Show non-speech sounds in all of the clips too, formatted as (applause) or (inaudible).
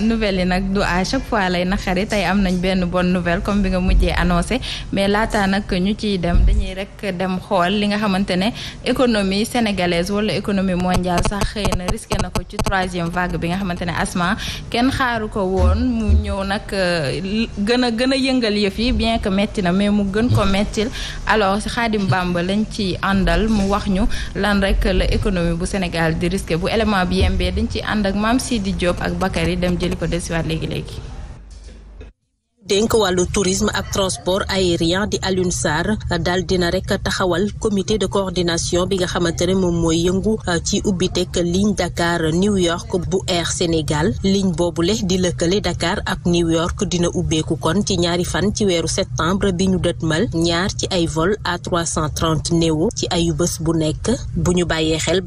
nouvelle yi nag du à chaque fois lay naqari tey am nañ benn bon nouvelle comme bi nga mujjee annoncé mais laata nag ñu ciy dem dañuy rek dem xool li nga xamante ne économie sénégalaise wala économie mondiale sax xëy na risqué na ko ci troisième vague bi nga xamante ne asma kenn xaaru ko woon mu ñëw nag euh, gën a gën a yëngal yëf yi bien que metti na mais mu gën ko mettil alors Xaadim Bamba lañ ci àndal mu wax ñu lan rek la économie bu Sénégal di risqué bu élément bi yembee dañ ci ànd ak Mame Sidi Diop ak Bakary dem jëli ko desiwaat léegi léegi. dénk wàllu tourisme ak transport aérien di Alioune dal daal dina rek taxawal comité de coordination bi nga xamante ne moom mooy yëngu euh, ci ubbiteg ligne Dakar New York bu Air Sénégal ligne boobule di lëkkale Dakar ak New York dina ubbeeku kon ci ñaari fan ci weeru septembre bi ñu dëtmal ñaar ci ay vol A330 néo ci ayu bés bu nekk bu ñu bàyyee xel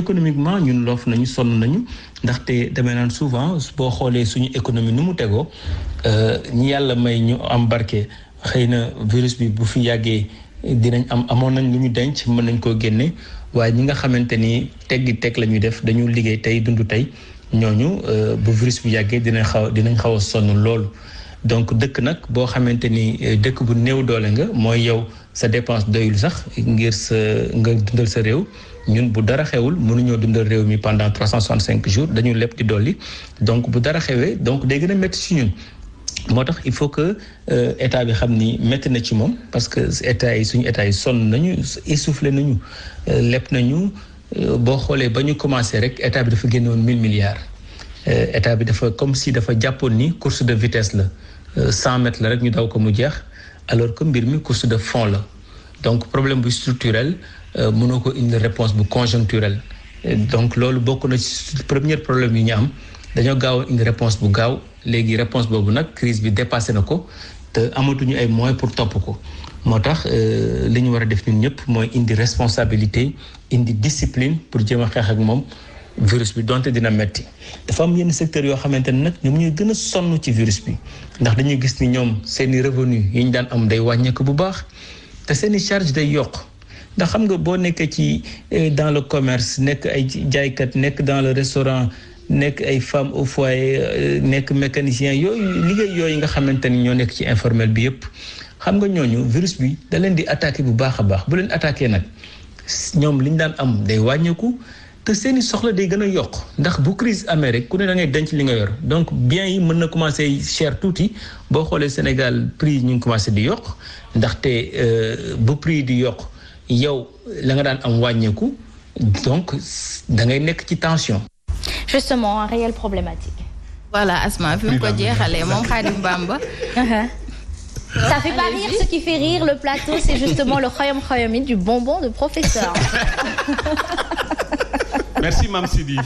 économiquement ñun loof nañu sonn nañu ndaxte damay naan souvent boo xoolee suñu économie nu mu tegoo euh, ñi yàlla may ñu am barke xëy na virus bi bu fi yàggee dinañ am amoon nañ lu ñu denc mën nañ koo génnee waaye ñi nga xamante ni teggi teg la ñuy def dañu liggéey tey dund tey ñooñu euh, bu virus bi yàggee dinañ xaw dinañ xaw a sonn loolu donc dëkk nag boo xamante ni euh, dëkk bu néew doole nga mooy yow sa dépense doyul sax ngir sa nga dundal sa réew ñun bu dara xewul mënuñoo dundal réew mi pendant trois cent soixante cinq jours dañu lépp di dolli donc bu dara xewee donc day gën a métti ci ñun. moo tax il faut que euh, état bi xam ni métti na ci moom parce que état yi suñu état yi sonn nañu essoufflé nañu euh, lépp nañu euh, boo xoolee ba ñu commencé rek état bi dafa génnoon mille milliards. état bi dafa comme si dafa jàppoon ni course de vitesse la cent mètres la rek ñu daw ko mu jeex alors que mbir mi course de fond la. donc problème bu structurel euh, mënoo ko indi réponse bu conjoncturel donc loolu bokk na ci premier problème yu ñu am dañoo gaaw a indi réponse bu gaaw léegi réponse boobu nag crise bi dépassé na ko te amatuñu ay moyens pour topp ko moo tax euh, li ñu war a def ñun ñëpp mooy indi responsabilité indi discipline pour jéem a xeex ak moom virus bi donte dina metti dafa am yenn secteurs yoo xamante ne nag ñoom ñooy gën a sonn ci virus bi ndax dañuy gis ni ñoom seeni revenu yi ñu daan am day wàññeeku bu baax te seeni charge day yokk ndax xam nga boo nekkee ci euh, dans le commerce nekk ay jaaykat nekk dans le restaurant nekk ay femme au foyer euh, nekk mécanisiens yooyu liggéey yooyu nga xamante ni ñoo nekk ci informel bi yépp xam nga ñooñu virus bi da leen di attaqué bu baax a baax bu leen attaqué nag ñoom liñ daan am day wàññeeku. te seen soxla day gën a yokk ndax bu crise amee rek ku ne da ngay denc li nga yor donc biens yi mën na commencé cher tuuti boo xoolee Sénégal prix ñu ngi commencé di yokk ndaxte euh, bu prix di yokk yow la nga daan am wàññeeku donc da ngay nekk ci tension. justement un réel problématique. voilà Asma fi mu ko jeexalee moom Khadim Bamba. (laughs) Ça fait pas rire ce qui fait rire le plateau c'est justement le xoyom xoyomi du bonbon de professeur. (laughs) merci Mame Sidi.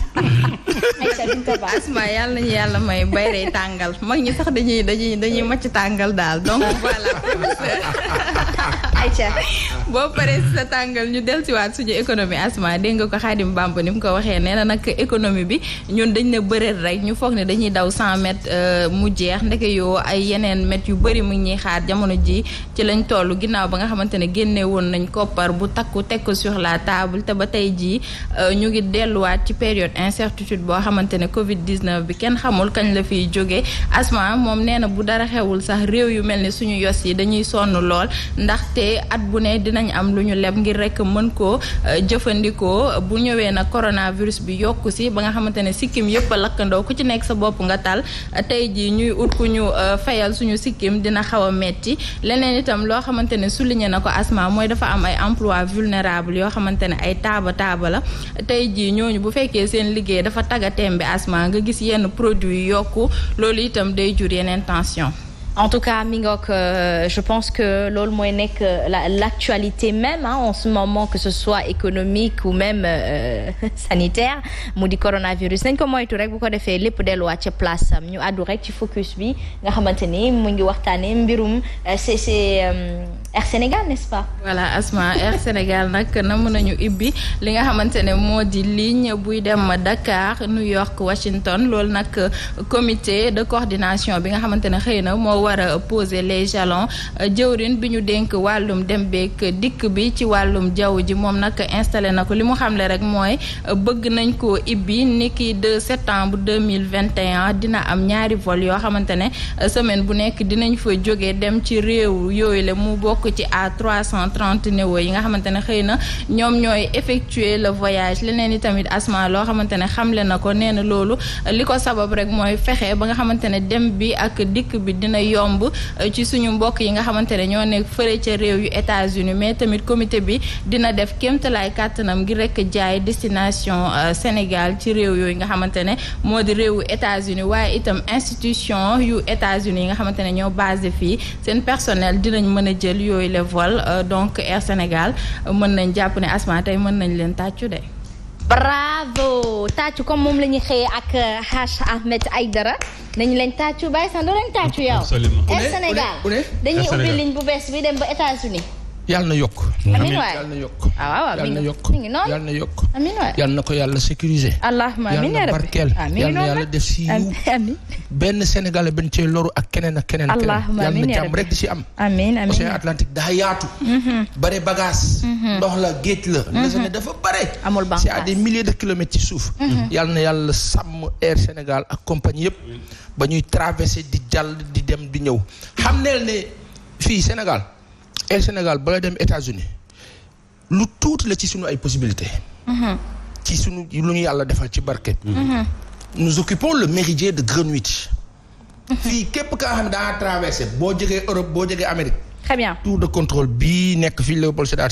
asma yàlla nañu yàlla may bayree tàngal mag ñi sax dañuy dañuy dañuy tàngal daal donc voilà. ayca ah, ah. boo paree sa tàngal ñu dellusiwaat suñu économie asma dégg nga ko Xaadim Bamba ni mu ko waxee nee na nag économie bi ñun dañ na bëreel rek ñu foog ne dañuy daw 100 mètres euh, mu jeex ndeke yoo ay yeneen mètres yu bëri mu ngi ñuy xaar jamono ji ci lañ toll ginnaaw ba nga xamante ne génne woon nañ koppar bu takku teg ko sur la taabul te ba tey jii euh, ñu ngi delluwaat ci période incertitude boo xamante ne Covid 19 bi kenn xamul kañ la fiy jógee asma moom nee na bu dara xewul sax réew yu mel ne suñu yos yi dañuy sonn lool waaye at bu ne dinañ am lu ñu leb ngir rek mën koo euh, jëfandikoo bu ñëwee nag coronavirus bi yokku si ba nga xamante ne sikkim yëpp a lakkandoo ku ci nekk sa bopp nga tal tey jii ñuy ut ku ñu euh, fayal suñu sikkim dina xaw a metti leneen itam loo xamante ne souligné na ko asma mooy dafa am ay emploi vulnérable yoo xamante ne ay taaba taaba la tey jii ñooñu bu fekkee seen liggéey dafa taga bi asma nga gis yenn produit yokku loolu itam day jur yeneen tension en tout cas mi ngook euh, je pense que loolu mooy nekk euh, l'actualité même hein, en ce moment que ce soit économique ou même euh, (laughs) sanitaire mu di coronavirus nañ ko moytu rek bu ko defee lépp delluwaat ci place am ñu àddu rek ci focus bi nga xamante ni mu ngi waxtaanee mbirum c'est euh, c'est Air Sénégal n'est-ce pas voilà Asma Air Sénégal nag namu nañu ibi li nga xamante ne moo di ligne buy dem Dakar New York Washington loolu nag comité de coordination bi nga xamante ne xëy war a poser les jalons euh, jëwrin bi ñu dénk wàllum dem beek dikk bi ci wàllum jaww ji moom nag installé na ko li mu xamle rek mooy euh, bëgg nañ ko ibbi niki 2 septembre 2021 dina am ñaari vol yoo xamante ne euh, semaine bu nekk dinañ fa jógee dem ci réew yooyu le mu bokk ci à 330 néo yi nga xamante ne xëy na ñoom ñooy effectuer le voyage leneen i tamit asma loo xamante ne xamle na ko nee loolu li ko sabab rek mooy fexe ba nga xamante dem bi yomb euh, ci suñu mbokk yi nga xamante ne ñoo nekk fëre ca réew yu États-Unis mais tamit comité bi dina def kéemtalaay kàttanam ngir rek jaay destination euh, Sénégal ci réew yooyu nga xamante ne moo di réewu États-Unis waaye itam institution yu États-Unis yi nga xamante ne ñoo basé fii seen personnel dinañ mën a jël yooyu le vol euh, donc Air Sénégal mën nañ jàpp ni asma tey mën nañ leen tàccu de bravo tàccu comme moom la ñuy xëyee ak Hache euh, Ahmed Aïdara nañu leen tàccu bàyyi sax doo leen tàccu yow. absolument eh, Sénégal dañuy eh, ubbi ligne bu bees bi dem ba États-Unis yàlla na yokk. amiin waay yal na yokk ah, yal na yokk yal na yokk yal na ko yàlla sécuriser. allahumma amiin yal na barkeel yal na yàlla def si yiw benn Sénégalais benn cee loru ak keneen ak keneen ak keneen yal na jàmm di si am amiin amiin océan Atlantique daa yaatu mm-hmm. bare bagage mm-hmm. ndox la géej la lese mm-hmm. ne dafa bare amul banque c'est à des milliers de kilomètres ci suuf yàlla na yàlla sàmm Air Sénégal ak compagnie yëpp ba ñuy traversé di jàll di dem di ñëw xam neel ne fii Sénégal Air Sénégal bala dem États-Unis lu tuuti la ci sunu ay possibilités. Mhm. ci sunu lu ñu yàlla defal ci barke. Mhm. Mhm. nous occupons le méridien de Greenwich. fii képp ka xam ne daa traversé boo jógee Europe boo jógee Amérique. très bien tour de contrôle bii nekk fii Léopold Sédar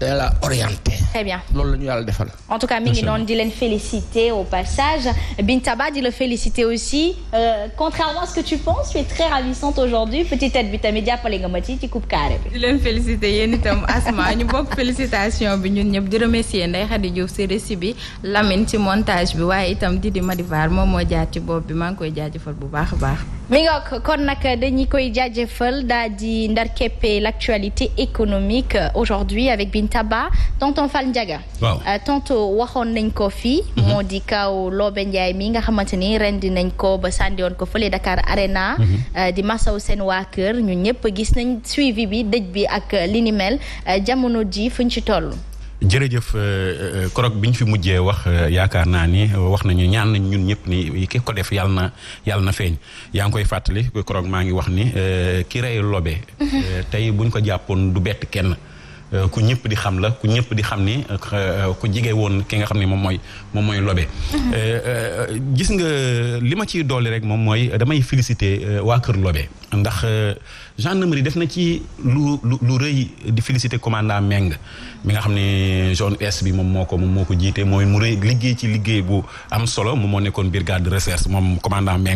la orienté. très bien loolu la yàlla defal. en tout cas mi noonu di leen féliciter au passage Binta Ba di la féliciter aussi euh, contrairement ma ci ci coupe carré bi. di leen bi ñun ñëpp di remercier Ndeye Khady Diouf si bi Lamine ci montage bi waaye itam Didi Madivar moom moo jaar ci bopp bi maa ngi koy jaajëfal bu baax a baax. mi ngi kon nag dañu koy jaajëfal daal di Darkepé l'actualité économique euh, aujourd'hui avec Bintaba tonton Fall njaga euh, tonton waxoon nañ ko fii mhm. moo di kaw Lobé Ndiaye mi nga xamante ni ren di nañ ko ba sàndiwoon ko fële Dakar Arena mhm. euh, di masaw seen waa ñu ñun ñëpp gis nañ suivi bi dëj bi ak linimel ni mel jamono ji fuñ ci toll jërëjëf euh, euh, euh, korog bi ñu fi mujjee wax yaakaar naa ni wax nañu ñaan nañ ñun ñëpp ni ki ko def yàlla na yàlla na feeñ yaa ngi koy fàttali këroog maa ngi wax ni ki rey lobe mhm. tey buñ ko jàppoon du bett kenn Euh, ku ñëpp di xam la ku ñëpp di xam ni euh, ku jige woon ki nga xam ne moom mooy moom mooy lobe. Mhm. Euh, gis nga li ma ciy doole rek moom mooy damay féliciter waa Kër Lobe ndax gendarmerie def na ci lu lu lu rëy di féliciter commandant Meng mi nga xam ne zone est bi moom moo ko moom moo mooy mu rëy liggéey ci liggéey bu am solo moom moo nekkoon brigade de recherche moom commandant Meng.